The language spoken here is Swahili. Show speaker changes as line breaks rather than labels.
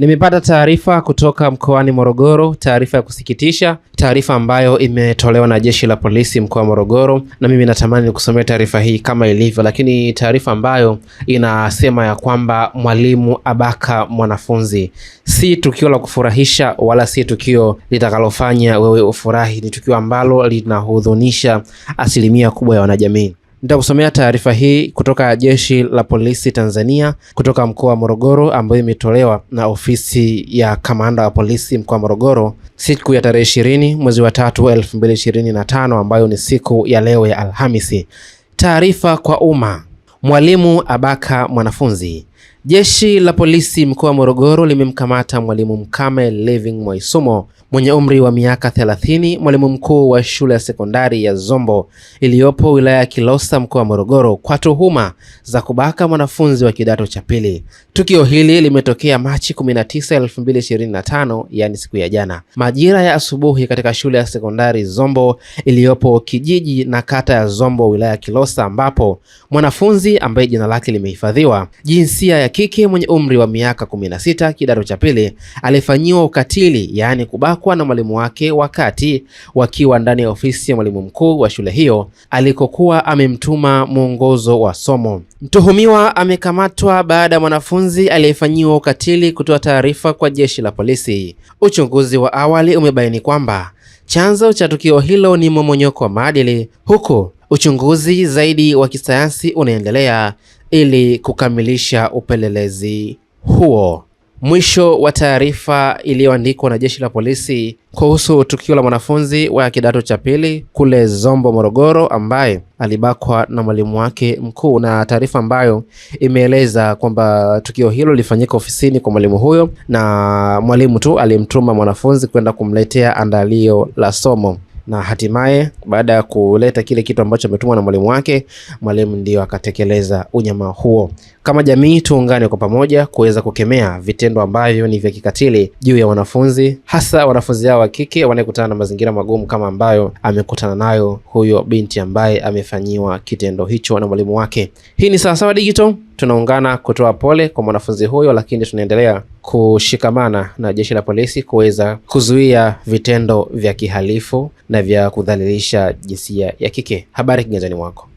Nimepata taarifa kutoka mkoani Morogoro, taarifa ya kusikitisha, taarifa ambayo imetolewa na jeshi la polisi mkoa wa Morogoro, na mimi natamani kusomea taarifa hii kama ilivyo, lakini taarifa ambayo inasema ya kwamba mwalimu abaka mwanafunzi. Si tukio la kufurahisha, wala si tukio litakalofanya wewe ufurahi. Ni tukio ambalo linahudhunisha asilimia kubwa ya wanajamii. Nitakusomea taarifa hii kutoka Jeshi la Polisi Tanzania kutoka mkoa wa Morogoro ambayo imetolewa na ofisi ya kamanda wa polisi mkoa wa Morogoro siku ya tarehe ishirini mwezi wa tatu elfu mbili ishirini na tano ambayo ni siku ya leo ya Alhamisi. Taarifa kwa umma. Mwalimu abaka mwanafunzi. Jeshi la Polisi mkoa wa Morogoro limemkamata mwalimu Mkame Living Mwaisomo mwenye umri wa miaka 30, mwalimu mkuu wa shule ya sekondari ya Zombo iliyopo wilaya ya Kilosa mkoa wa Morogoro kwa tuhuma za kubaka mwanafunzi wa kidato cha pili. Tukio hili limetokea Machi 19, 2025, yani siku ya jana majira ya asubuhi katika shule ya sekondari Zombo iliyopo kijiji na kata ya Zombo wilaya ya Kilosa ambapo mwanafunzi ambaye jina lake limehifadhiwa, jinsia ya kike, mwenye umri wa miaka 16, kidato cha pili, alifanyiwa ukatili yani kubaka Mkwawa na mwalimu wake wakati wakiwa ndani ya ofisi ya mwalimu mkuu wa shule hiyo alikokuwa amemtuma mwongozo wa somo. Mtuhumiwa amekamatwa baada ya mwanafunzi aliyefanyiwa ukatili kutoa taarifa kwa jeshi la polisi. Uchunguzi wa awali umebaini kwamba chanzo cha tukio hilo ni mmomonyoko wa maadili, huku uchunguzi zaidi wa kisayansi unaendelea ili kukamilisha upelelezi huo. Mwisho wa taarifa iliyoandikwa na jeshi la polisi kuhusu tukio la mwanafunzi wa kidato cha pili kule Zombo, Morogoro, ambaye alibakwa na mwalimu wake mkuu, na taarifa ambayo imeeleza kwamba tukio hilo lilifanyika ofisini kwa mwalimu huyo, na mwalimu tu alimtuma mwanafunzi kwenda kumletea andalio la somo na hatimaye baada ya kuleta kile kitu ambacho ametumwa na mwalimu wake, mwalimu ndio akatekeleza unyama huo. Kama jamii tuungane kwa pamoja kuweza kukemea vitendo ambavyo ni vya kikatili juu ya wanafunzi, hasa wanafunzi hao wa kike wanayekutana na mazingira magumu kama ambayo amekutana nayo huyo binti ambaye amefanyiwa kitendo hicho na mwalimu wake. Hii ni Sawasawa Digital, tunaungana kutoa pole kwa mwanafunzi huyo, lakini tunaendelea kushikamana na jeshi la polisi kuweza kuzuia vitendo vya kihalifu na vya kudhalilisha jinsia ya kike. Habari kiganjani mwako.